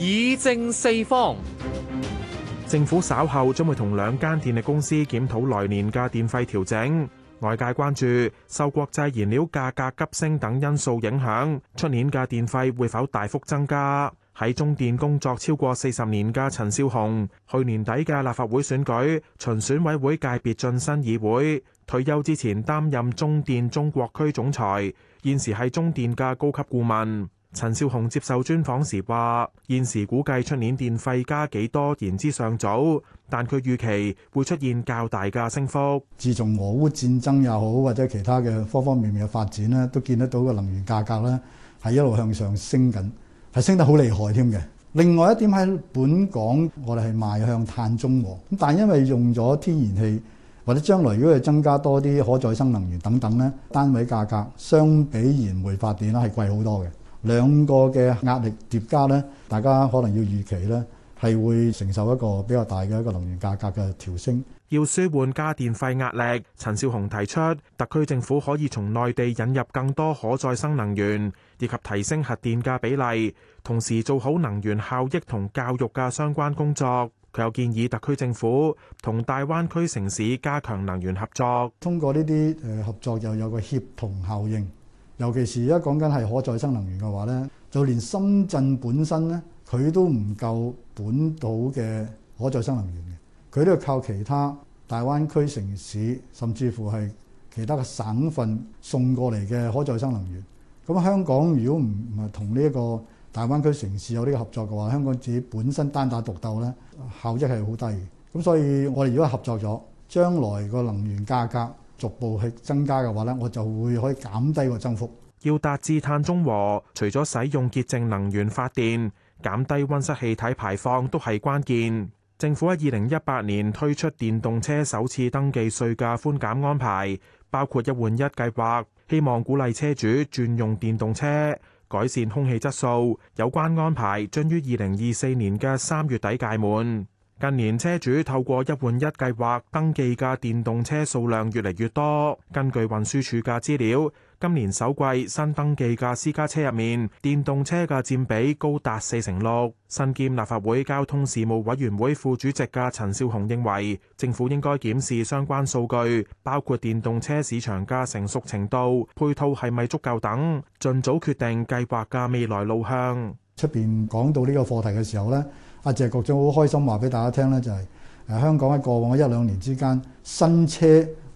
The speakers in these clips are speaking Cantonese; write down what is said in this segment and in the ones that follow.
議政四方。政府稍後將會同兩間電力公司檢討來年嘅電費調整。外界關注受國際燃料價格急升等因素影響，出年嘅電費會否大幅增加？喺中電工作超過四十年嘅陳紹雄，去年底嘅立法會選舉，循選委會界別晉身議會，退休之前擔任中電中國區總裁，現時係中電嘅高級顧問。陳紹雄接受專訪時話，現時估計出年電費加幾多，言之尚早。但佢預期會出現較大嘅升幅。自從俄烏戰爭又好，或者其他嘅方方面面嘅發展呢，都見得到個能源價格呢係一路向上升緊，係升得好厲害添嘅。另外一點喺本港，我哋係邁向碳中和，但因為用咗天然氣或者將來如果係增加多啲可再生能源等等咧，單位價格相比燃煤發電咧係貴好多嘅。兩個嘅壓力疊加咧，大家可能要預期咧，係會承受一個比較大嘅一個能源價格嘅調升。要舒緩加電費壓力，陳紹雄提出，特區政府可以從內地引入更多可再生能源，以及提升核電嘅比例，同時做好能源效益同教育嘅相關工作。佢又建議特區政府同大灣區城市加強能源合作，通過呢啲誒合作，又有個協同效應。尤其是而家講緊係可再生能源嘅話咧，就連深圳本身咧，佢都唔夠本島嘅可再生能源嘅，佢都要靠其他大灣區城市，甚至乎係其他嘅省份送過嚟嘅可再生能源。咁、嗯、香港如果唔唔同呢一個大灣區城市有呢個合作嘅話，香港自己本身單打獨鬥咧，效益係好低嘅。咁所以我哋如果合作咗，將來個能源價格。逐步去增加嘅話咧，我就會可以減低個增幅。要達至碳中和，除咗使用潔淨能源發電、減低溫室氣體排放都係關鍵，政府喺二零一八年推出電動車首次登記稅嘅寬減安排，包括一換一計劃，希望鼓勵車主轉用電動車改善空氣質素。有關安排將於二零二四年嘅三月底屆滿。近年，車主透過一換一計劃登記嘅電動車數量越嚟越多。根據運輸署嘅資料，今年首季新登記嘅私家車入面，電動車嘅佔比高達四成六。身兼立法會交通事務委員會副主席嘅陳紹雄認為，政府應該檢視相關數據，包括電動車市場嘅成熟程度、配套係咪足夠等，盡早決定計劃嘅未來路向。出邊講到呢個課題嘅時候呢。阿謝局長好開心話俾大家聽、就、咧、是，就係誒香港喺過往一兩年之間，新車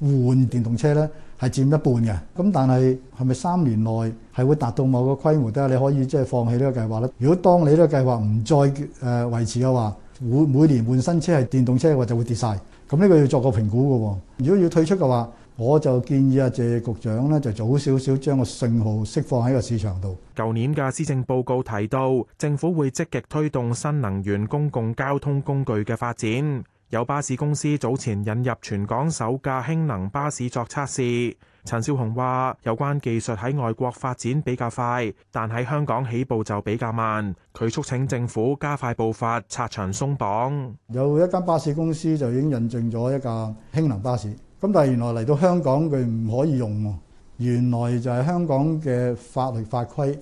換電動車咧係佔一半嘅。咁、嗯、但係係咪三年內係會達到某個規模？得你可以即係放棄呢個計劃咧？如果當你呢個計劃唔再誒、呃、維持嘅話，每每年換新車係電動車嘅話，就會跌晒。咁呢個要作個評估嘅喎、哦。如果要退出嘅話，我就建議啊，謝局長呢，就早少少將個信號釋放喺個市場度。舊年嘅施政報告提到，政府會積極推動新能源公共交通工具嘅發展。有巴士公司早前引入全港首架氫能巴士作測試。陳紹雄話：有關技術喺外國發展比較快，但喺香港起步就比較慢。佢促請政府加快步伐，拆牆鬆綁。有一間巴士公司就已經引進咗一架氫能巴士。咁但係原來嚟到香港佢唔可以用喎，原來就係香港嘅法律法規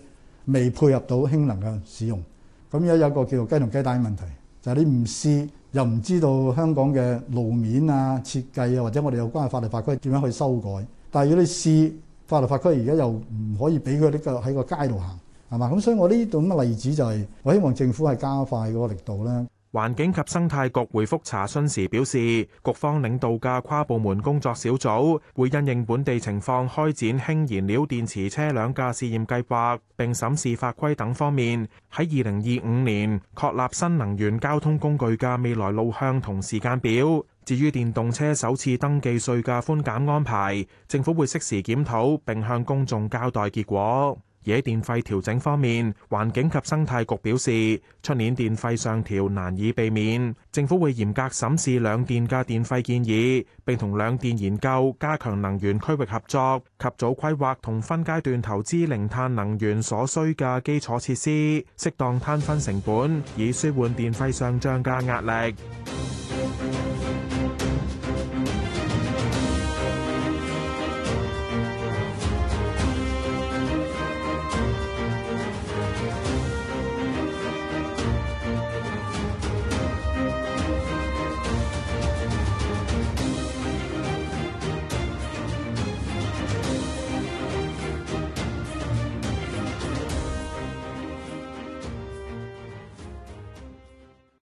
未配合到氫能嘅使用。咁而家有一個叫做雞同雞蛋嘅問題，就係、是、你唔試又唔知道香港嘅路面啊、設計啊，或者我哋有關嘅法律法規點樣去修改。但係如果你試，法律法規而家又唔可以俾佢呢個喺個街度行，係嘛？咁所以我呢種例子就係、是、我希望政府係加快嗰個力度啦。環境及生態局回覆查詢時表示，局方領導嘅跨部門工作小組會因應本地情況開展氫燃料電池車輛嘅試驗計劃，並審視法規等方面，喺二零二五年確立新能源交通工具嘅未來路向同時間表。至於電動車首次登記稅嘅寬減安排，政府會適時檢討並向公眾交代結果。而喺電費調整方面，環境及生態局表示，出年電費上調難以避免，政府會嚴格審視兩電嘅電費建議，並同兩電研究加強能源區域合作，及早規劃同分階段投資零碳能源所需嘅基礎設施，適當攤分成本，以舒緩電費上漲嘅壓力。